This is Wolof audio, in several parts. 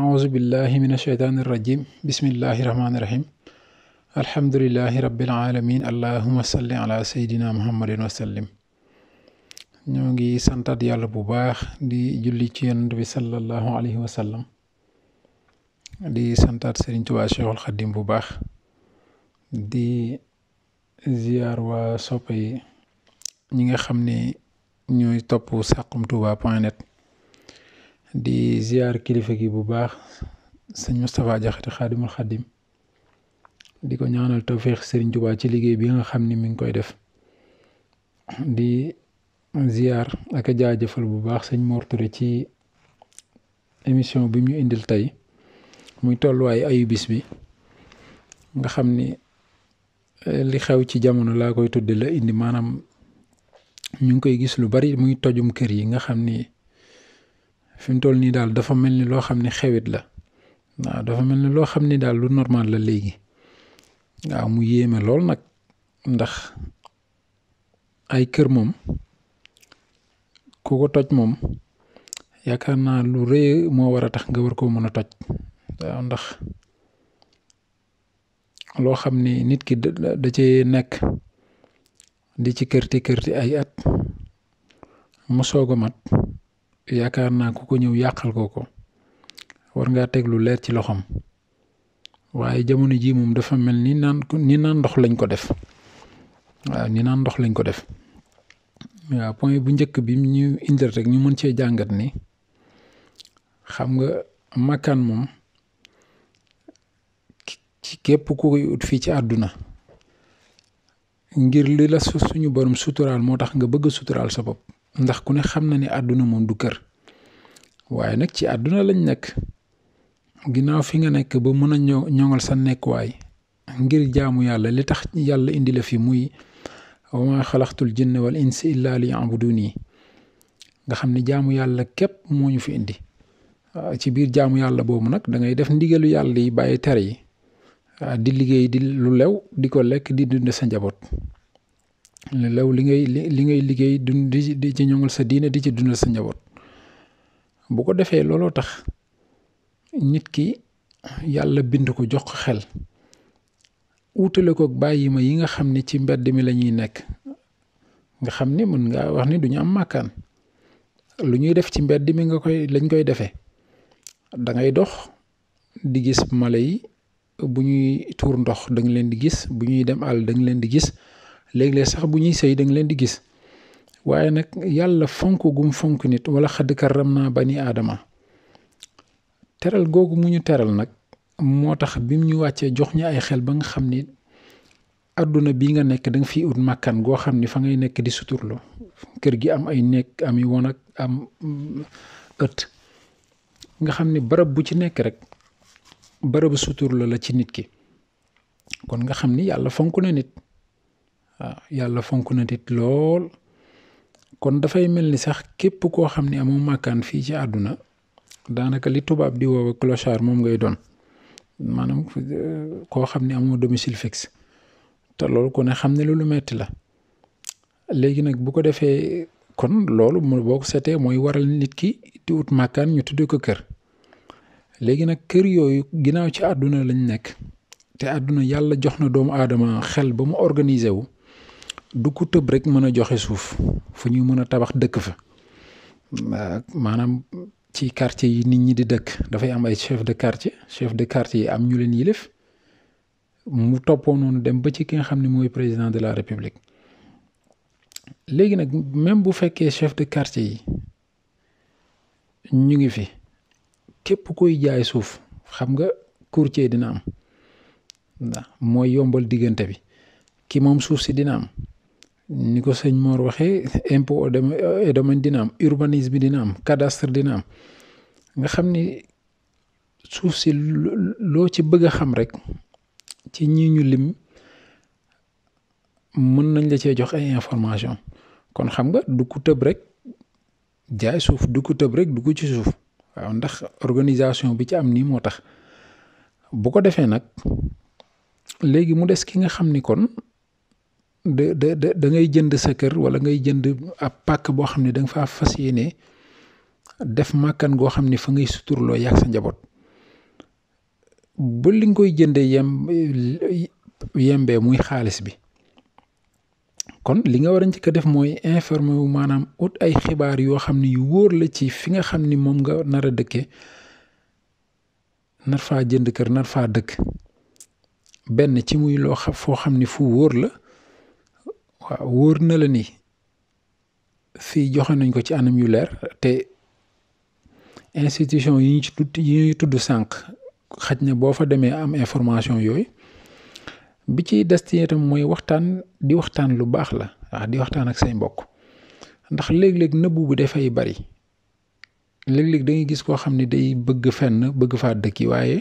aousubillahi min asheytaani irrajim bismillahi irahmaani irahim alhamdulilahi rabilalamin allahuma salli ala seydina muhammadin wasallim ñoo ngi santat yàlla bu baax di julli ci yonent bi sallallahu alayhi wa sallam di santat Sëriñ Tuubaa Cheikhul Xadim bu baax di ziyaar waa soppe yi ñi nga xam ni ñooy topp Saxum Touba point net di ziar kilifa gi bu baax sëñ Moustapha Diakhaté xaadimul xaddim di ko ñaanal tawféex sëriñ Tuubaa ci liggéey bi nga xam ni mu ngi koy def di ziar ak a jaajëfal bu baax sëñ Mor ci émission bi ñu indil tey muy tolluwaayu ayu bis bi nga xam ni eh, li xew ci jamono laa koy tudde la indi maanaam ñu ngi koy gis lu bari muy tojum kër yi nga xam ni fi mu toll nii daal dafa mel ni loo xam ne xewit la dafa mel ni loo xam ni daal lu normal la léegi waaw mu yéeme lool nag ndax ay kër moom ku ko toj moom yaakaar naa lu rëy moo war a tax nga war koo mën a toj waaw ndax loo xam ni nit ki da ci nekk di ci kërti kërti ay at mu soog a yaakaar naa ku ko ñëw yàqal ko ko war ngaa teg lu leer ci loxoom waaye jamono jii moom dafa mel ni naan ni naan ndox lañ ko def waaw ni naan ndox lañ ko def waaw point bu njëkk bi ñu indil rek ñu mën cee jàngat ni xam nga makkaan moom ci képp ku koy ut fii ci àdduna ngir li la suñu borom suturaal moo tax nga bëgg suturaal sa bopp ndax ku ne xam na ni àdduna moom du kër waaye nag ci àdduna lañ nekk ginnaaw fi nga nekk ba mën a ñoo ñoŋal sa nekkuwaay ngir jaamu yàlla li tax yàlla indi la fi muy wa ma xalaxtul jinne wal insi illa li yabuduni nga xam ne jaamu yàlla képp moo ñu fi indi ci biir jaamu yàlla boobu nag dangay ngay def ndigalu yàlla yi bàyyi tere yi di liggéey di lu lew di ko lekk di dund sa njaboot law li ngay li ngay liggéey dund di ci ñoŋal sa diina di ci dundal sa njaboot bu ko defee looloo tax nit ki yàlla bind ko jox xel uutale kook bàyyi ma yi nga xam ne ci mbedd mi la ñuy nekk nga xam ni mën ngaa wax ni duñu am màkkan lu ñuy def ci mbedd mi nga koy lañ koy defee dangay dox di gis mala yi bu ñuy tuur ndox da leen di gis bu ñuy dem àll da leen di gis léeg-léeg sax bu ñuy sëy da leen di gis waaye nag yàlla fonk gum fonk nit wala xadd karam naa bani aadama teral googu mu ñu teral nag moo tax bim ñu wàccee jox ñu ay xel ba nga xam ni àdduna bi nga nekk danga fi ut màkkan goo xam ni fa ngay nekk di suturlu kër gi am ay néeg ami woon ak am ëtt nga xam ni bërëb bu ci nekk rek barabu suturlu la ci nit ki kon nga xam ni yàlla fonk na nit waaw ah, yàlla fonk na nit lool kon dafay mel ni sax képp koo xam ne amoo màkkaan fii ci àdduna daanaka li tubaab di woowe clochard moom ngay doon maanaam eh, koo xam ne amoo domicile fixe te loolu ku ne xam ne lu metti la léegi nag bu ko defee kon loolu boo setee mooy waral nit ki di wut màkkaan ñu tuddee ko kër léegi nag kër yooyu ginnaaw ci àdduna lañ nekk te àdduna yàlla jox na doomu aadama xel ba mu organisé wu du ko tëb rek mën a joxe suuf fu ñu mën a tabax dëkk fa maanaam ci quartier yi nit ñi di dëkk dafay am ay chef de quartier chef de quartier yi am ñu leen yilif mu toppoo noonu dem ba ci ki nga xam ne mooy président de la république léegi nag même bu fekkee chef de quartier yi ñu ngi fi képp koy jaay suuf xam nga courtier dina am waaw mooy yombal diggante bi ki moom suuf si dina am ni ko sëñ Mor waxee impôt et domaine dina am urbanisme bi dina am cadastre dina am nga xam ni suuf si loo ci bëgg a xam rek ci ñi ñu lim mën nañ la cee jox ay information kon xam nga du ko tëb rek jaay suuf du ko tëb rek du ko ci suuf waaw ndax organisation bi ci am nii moo tax bu ko defee nag léegi mu des ki nga xam ni kon da da da ngay jënd sa kër wala ngay jënd ab pàkk boo xam ne danga nga faa fas yéene def màkkan goo xam ne fa ngay suturloo yàgg sa njaboot bu li nga koy jëndee yembee muy xaalis bi kon li nga war a njëkk a def mooy informé wu maanaam ut ay xibaar yoo xam ne yu wóor la ci fi nga xam ni moom nga nar a dëkkee nar faa jënd kër nar faa dëkk benn ci muy loo xam foo xam ni fu wóor la waaw wóor na la ni fii joxe nañ ko ci anam yu leer te institution yi ñu ci tudd yi ñuy tudd sànq xaj na boo fa demee am information yooyu bi ci des itam mooy waxtaan di waxtaan lu baax la waaw di waxtaan ak say mbokk ndax léeg-léeg nëbbu bu dafay bari léeg-léeg da gis koo xam ne day bëgg fenn bëgg faa dëkki waaye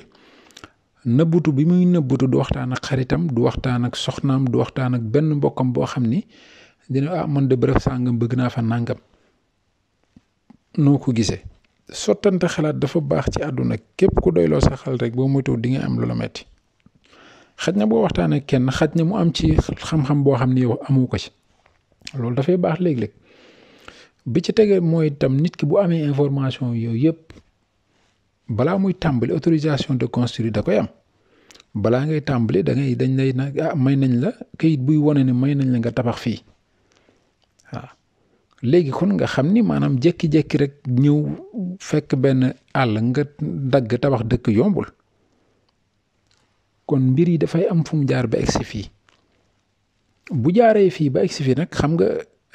nëbbutu bi muy nëbbutu du waxtaan ak xaritam du waxtaan ak soxnaam du waxtaan ak benn mbokkam boo xam ni dina ah man de bërëb sàngam bëgg naa fa nàngam noo ko gisee sottante xalaat dafa baax ci àdduna képp ku doyloo sa xal rek boo moytuwul di nga am lu metti xaj na boo waxtaan ak kenn xaj na mu am ci xam-xam boo xam ni yow amu ko ci loolu dafay baax léeg-léeg bi ci tege mooy itam nit ki bu amee information yooyu yëpp balaa muy tàmbali autorisation de construire da koy am balaa ngay tàmbali dangay dañ lay nag ah, may nañ la kayit buy wane ne may nañ la nga tabax fii waaw léegi kon nga xam ni maanaam jékki-jékki rek ñëw fekk benn àll nga dagg tabax dëkk yombul kon mbir yi dafay am fu mu jaar ba egsi fii bu jaaree fii ba egsi fii nag xam nga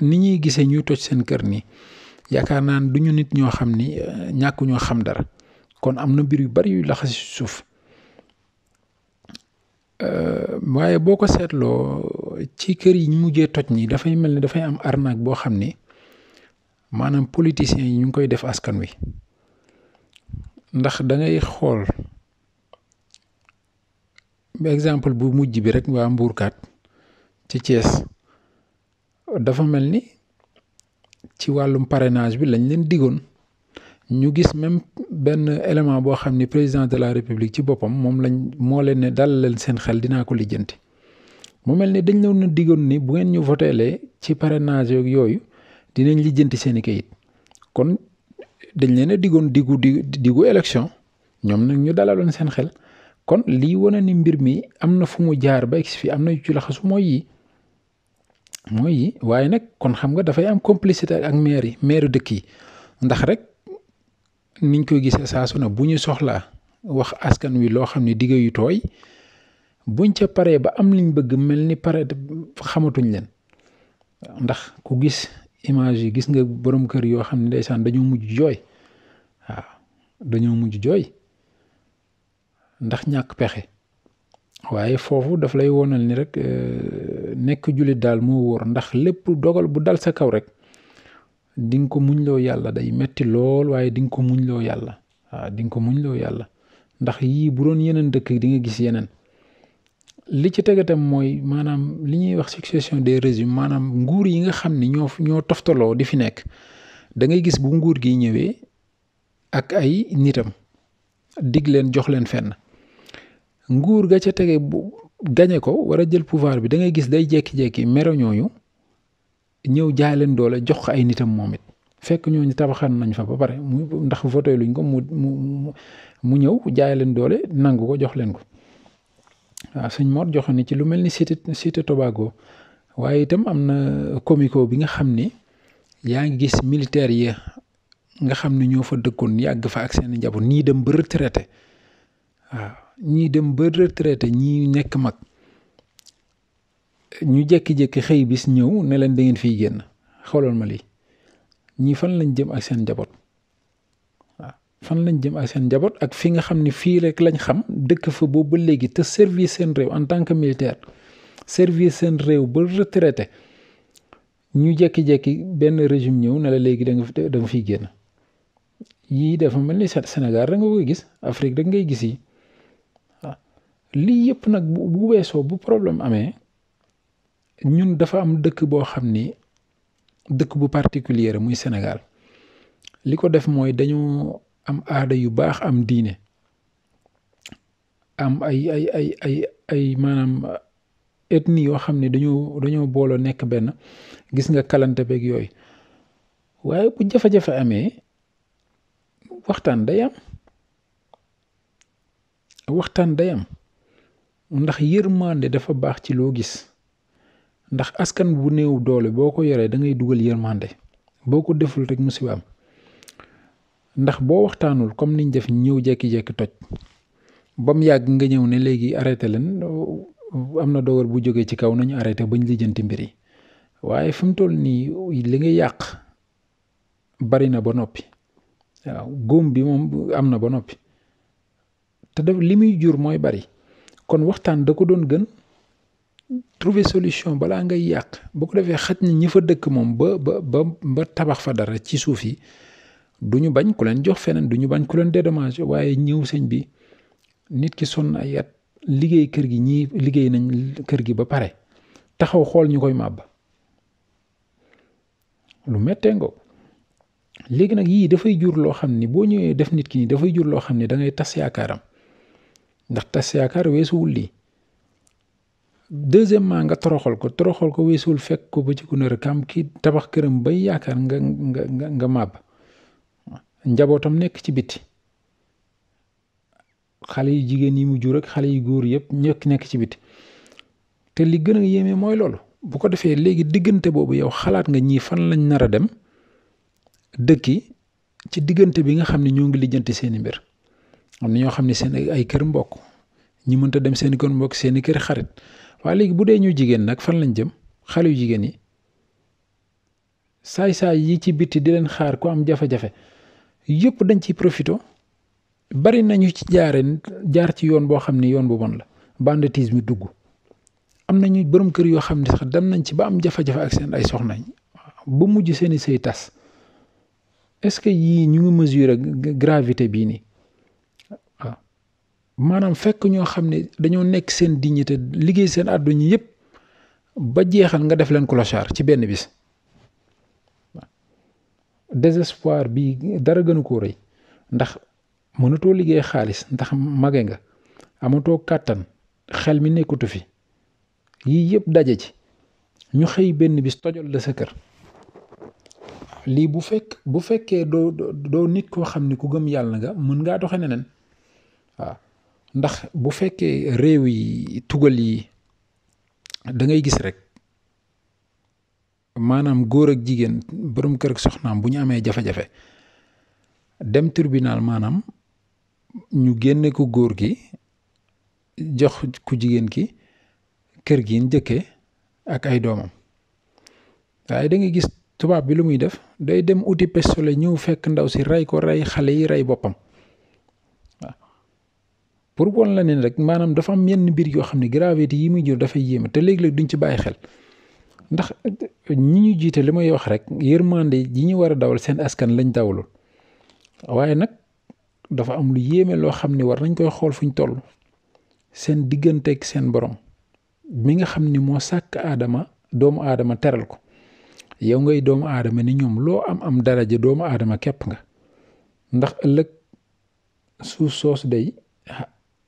ni ñuy gisee ñuy toj seen kër nii yaakaar naa ne du nit ñoo xam ni eh, ñàkk ñoo xam dara kon am na mbir yu bari yu laxasi suuf euh, waaye boo ko seetloo ci kër yi ñu mujjee toj nii dafay mel ni dafay am arnaque boo xam ni maanaam politiciens yi ñu ngi koy def askan wi ndax dangay xool exemple bu mujj bi rek waa Mbourkat ci Thiès dafa mel ni ci wàllum parrainage bi lañ leen diggoon ñu gis même benn élément boo xam ni président de la république ci boppam moom lañ moo leen ne dal seen xel dinaa ko lijjanti mu mel ni dañ leen diggoon ni bu ngeen ñu voteelee ci pare parrainage yooyu dinañ lijjanti seen i kayit kon dañ leen a diggoon diggu di diggu élection ñoom nag ñu dalaloon seen xel kon lii wane ni mbir mi am na fu mu jaar ba egsi fi am na yu ci laxasu mooy yi mooy yi waaye nag kon xam nga dafay am complicité ak maire yi maire dëkk yi ndax rek. niñ koy gisee saa su ne bu ñu soxlaa wax askan wi loo xam ne digga yu tooy buñ ca paree ba am liñ bëgg mel ni pare xamatuñ leen ndax ku gis image yi gis nga boroom kër yoo xam ne day ndeysaan dañoo mujj jooy waaw dañoo mujj jooy ndax ñàkk pexe waaye foofu daf lay wonal ni rek euh, nekk jullit daal moo wóor ndax lépp dogal bu dal sa kaw rek di ko muñ muñloo yàlla day metti lool waaye di nga ko muñloo yàlla waaw di nga ko muñloo yàlla ndax yii bu doon yeneen dëkk di nga gis yeneen li ci tegatam mooy maanaam li ñuy wax succession des régimes maanaam nguur yi nga xam ni ñoo ñoo toftaloo di fi nekk dangay gis bu nguur gi ñëwee ak ay nitam digg leen jox leen fenn nguur ga ca tege bu gañe ko war a jël pouvoir bi da ngay gis day jekki-jekki mero ñooñu ñëw jaay leen doole jox ko ay nitam moom it fekk ñooñu tabaxan nañ fa ba pare mu ndax voté luñ ko mu mu mu ñëw jaay leen doole nangu ko jox leen ko waaw sëñ Mor joxe ni ci lu mel ni cité cité Tobago waaye itam am na comico bi nga xam ni yaa ngi gis militaire yi nga xam ne ñoo fa dëkkoon yàgg fa ak seen njaboot ñii dem ba retraité waaw ñii dem ba retraité ñii nekk mag. ñu jékki-jékki xëy bis ñëw ne leen da ngeen fiy génn xoolal ma lii ñii fan lañ jëm ak seen njaboot waaw fan lañ jëm ak seen njaboot ak fi nga xam ni fii rek lañ xam dëkk fa boobu ba léegi te service seen réew en tant que militaire service seen réew ba retraité ñu jékki-jékki benn régime ñëw ne la léegi da nga da fii génn yii dafa mel ni Sénégal da nga koy gis Afrique da ngay gis yi lii yëpp nag bu weesoo bu problème amee. ñun dafa am dëkk boo xam ni dëkk bu particulier muy Sénégal li ko def mooy dañoo am aada yu baax am diine am ay ay ay ay ay maanaam ethnie yoo xam ne dañoo dañoo booloo nekk benn gis nga kalante beeg yooyu waaye bu jafe-jafe amee waxtaan day waxtaan dayam am ndax yërmande dafa baax ci loo gis ndax askan bu néew doole boo ko yoree da ngay dugal yërmande boo ko deful rek mu si am ndax boo waxtaanul comme niñ def ñëw jekki-jekki toj ba mu yàgg nga ñëw ne léegi arrêté leen am na dogal bu jógee ci kaw nañu arrêté bañ lijjanti mbir yi waaye fi mu toll nii li nga yàq bari na ba noppi waaw góom bi moom am na ba noppi te def li muy jur mooy bari kon waxtaan da ko doon gën trouver solution balaa ngay yàq bu ko defee xat na ñi fa dëkk moom ba ba ba tabax fa dara ci suuf yi du ñu bañ ku leen jox feneen du ñu bañ ku leen dédommage waaye ñëw sëñ bi nit ki sonn ay at liggéey kër gi ñii liggéey nañ kër gi ba pare taxaw xool ñu koy màbb lu mettee ngo léegi nag yii dafay jur loo xam ni boo ñëwee def nit ki nii dafay jur loo xam ni dangay ngay tas yaakaaram ndax tas yaakaar weesuwul lii deuxièmement nga toroxal ko toroxal ko weesuwul fekk ko ba ci ku ne kam kii tabax këram bay yaakaar nga nga nga nga màbb njabootam nekk ci biti xale yu jigéen yi mu jur ak xale yu góor yëpp ñëkk nekk ci biti te li gën a yéeme mooy loolu bu ko defee léegi diggante boobu yow xalaat nga ñii fan lañ nar a dem dëkki ci diggante bi nga xam ne ñoo ngi lijjanti seeni mbir am na ñoo xam ne seen ay kër mbokk ñi mënta dem seeni kër mbokk seeni kër xarit waaye léegi bu dee ñëw jigéen nag fan lañ jëm xale yu jigéen yi saay-saay yi ci bitti di leen xaar ku am jafe-jafe yëpp dañ ciy profité bari nañu ci jaare jaar ci yoon boo xam ne yoon bu bon la banditisme dugg am nañu borom kër yoo xam ne sax dem nañ ci ba am jafe-jafe ak seen ay soxnañ ba mujj seeni sëy tas est-ce que yii ñu ngi mesure gravité bii nii maanaam fekk ñoo xam ne dañoo nekk seen dignité liggéey seen àdduna yépp ba jeexal nga def leen clochard ci benn bis désespoir bi dara gënu ko rëy ndax mënatoo liggéey xaalis ndax mage nga amatoo kàttan xel mi nekkatu fi yii yëpp daje ci ñu xëy benn bis tojal la sa kër lii bu fekk bu fekkee doo doo nit koo xam ne ku gëm yàlla nga mën ngaa doxe neneen waaw ndax bu fekkee réew yi tugal yi dangay gis rek maanaam góor ak jigéen boroom kër ak soxnaam bu ñu amee jafe-jafe dem tribunal maanaam ñu génne ko góor gi jox ku jigéen ki kër gi njëkkee ak ay doomam waaye da ngay gis tubaab bi lu muy def day dem uti pestole ñëw fekk ndaw si rey ko rey xale yi rey boppam pour wan la ne rek maanaam dafa am yenn mbir yoo xam ne gravité yi muy jur dafay yéeme te léeg-léeg duñ ci bàyyi xel ndax ñi ñu jiite li may wax rek yërmande yi ñu war a dawal seen askan lañ dawalul waaye nag dafa am lu yéeme loo xam ne war nañ koy xool fuñ toll seen digganteeg seen borom mi nga xam ni moo sàkk aadama doomu aadama teral ko yow ngay doomu aadama ni ñoom loo am am daraja doomu aadama képp nga ndax ëllëg suuf soos day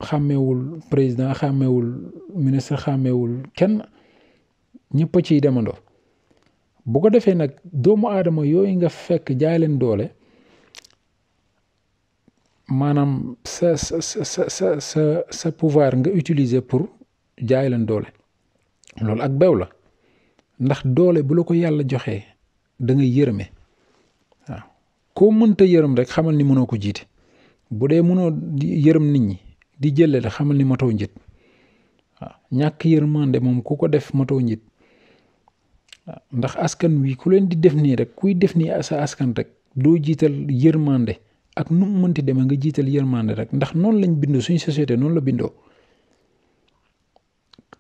xàmmewul président xàmmewul ministre xàmmewul kenn ñëpp a ciy demandoo bu ko defee nag doomu aadama yooyu nga fekk jaay leen doole maanaam sa sa sa sa sa sa pouvoir nga utiliser pour jaay leen doole loolu ak bew la ndax doole bu la ko yàlla joxee dangay nga yërëme waaw koo mënta yërëm rek xamal ni mënoo ko jiite bu dee mënoo yërëm nit ñi di jëlale xamal ni matoo njit waaw ñàkk yërmande moom ku ko def matoo njit waaw ndax askan wii ku leen di def nii rek kuy def nii sa askan rek doo jiital yërmande ak nu mu mënti demee nga jiital yërmande rek ndax noonu lañ bindoo suñu société noonu la bindoo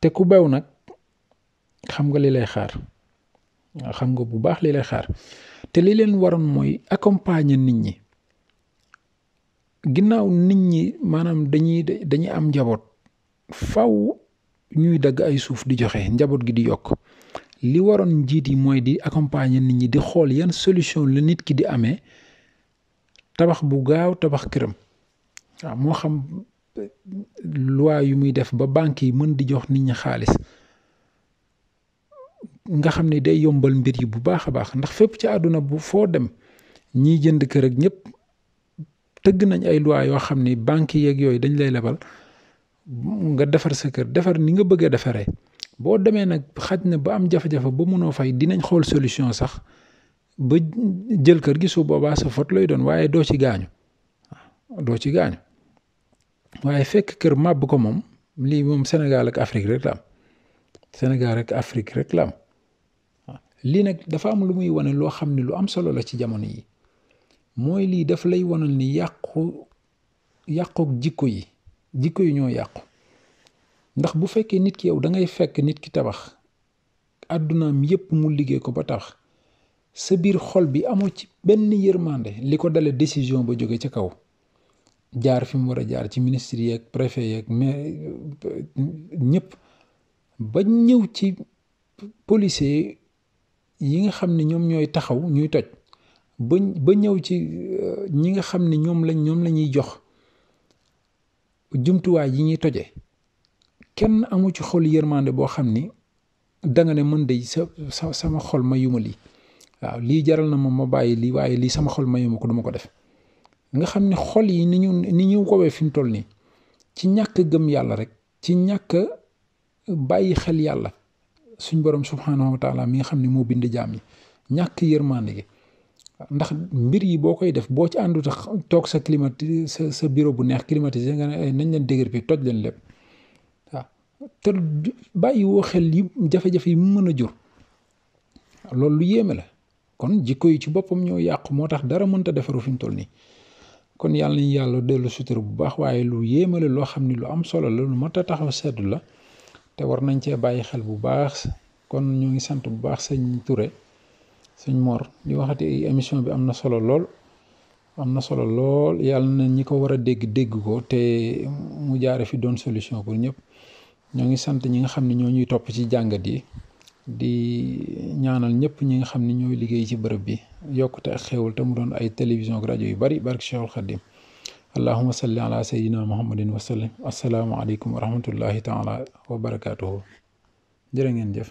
te ku bew nag xam nga li lay xaar xam nga bu baax li lay xaar te li leen waroon mooy accompagner nit ñi. ginnaaw nit ñi maanaam dañuy dañuy am njaboot faw ñuy dagg ay suuf di joxe njaboot gi di yokk li waroon njiit yi mooy di accompagner nit ñi di xool yan solution la nit ki di amee tabax bu gaaw tabax këram waaw moo xam eh, loi yu muy def ba banque yi mën di jox nit ñi xaalis nga xam ne day yombal mbir yi bu baax a baax ndax fépp ci àdduna bu foo dem ñiy jënd kër ak ñëpp tëgg nañ ay loi yoo xam ni banques yeeg yooyu dañ lay lebal nga defar sa kër defar ni nga bëggee defaree boo demee nag xaj na ba am jafe-jafe ba mënoo fay dinañ xool solution sax ba jël kër gi su boobaa sa faute lay doon waaye doo ci gaañu doo ci gaañu waaye fekk kër màbb ko moom lii moom Sénégal ak Afrique rek la am senegal ak Afrique rek la am lii nag dafa am lu muy wane loo xam ne lu am solo la ci jamono yi. mooy lii daf lay wanal ni yàqu yàqook jikko yi jikko yi ñoo yàqu ndax bu fekkee nit ki yow dangay fekk nit ki tabax àddunaam yépp mu liggéey ko ba tabax sa biir xol bi amoo ci benn yërmande li ko dale décision ba jóge ca kaw jaar fi mu war a jaar ci ministre yeeg préfet yeeg mais ñëpp ba ñëw ci policier yi nga xam ne ñoom ñooy taxaw ñuy toj ba ba ñëw ci euh, ñi nga xam ne ñoom lañ ñoom la jox jumtuwaay yi ñuy toje kenn amu ci xol yërmande boo xam ni danga ne mën day sa sa sama xol mayuma lii waaw lii jaral na ma ma bàyyi lii waaye lii sama xol ma mayuma ko duma ko def nga xam ne xol yi ni ñu ni ñu woowee fi mu toll nii ci ñàkk gëm yàlla rek ci ñàkk bàyyi xel yàlla suñ borom subhanahu wa taala mi nga xam ne moo bind jaam yi ñàkk yërmande gi ndax mbir yi boo koy def boo ci àndut toog sa climatisé sa sa bureau bu neex climatisé nga ne eh, nañ leen dégër bi toj leen lépp waaw te bàyyi xel yi jafe-jafe yi mu mën a jur loolu lu yéeme la kon jikko yi ci boppam ñoo yàqu moo tax dara mënta defaru fi mu toll nii kon yàlla nañu yàlla dellu sutura bu baax waaye lu yéeme la loo xam ni lu am solo la lu mat a taxaw seddu la te war nañ cee bàyyi xel bu baax kon ñu ngi sant bu baax sëñ ture sëñ Mor li waxati émission bi am na solo lool am na solo lool yàlla na ñi ko war a dégg dégg ko te mu jaare fi doon solution pour ñëpp ñoo ngi sant ñi nga xam ne ñoo ñuy topp ci jàngat yi di ñaanal ñëpp ñi nga xam ni ñooy liggéey ci bërëb bi yokkute ak xéewal te mu doon ay télévision rajo yu bari barke Cheikhul Khadim allahuma salli ala sayyidina muhammadin wa sallim assalaamu aleykum wa rahmatullahi taala wa barakaatuhu jërë ngeen jëf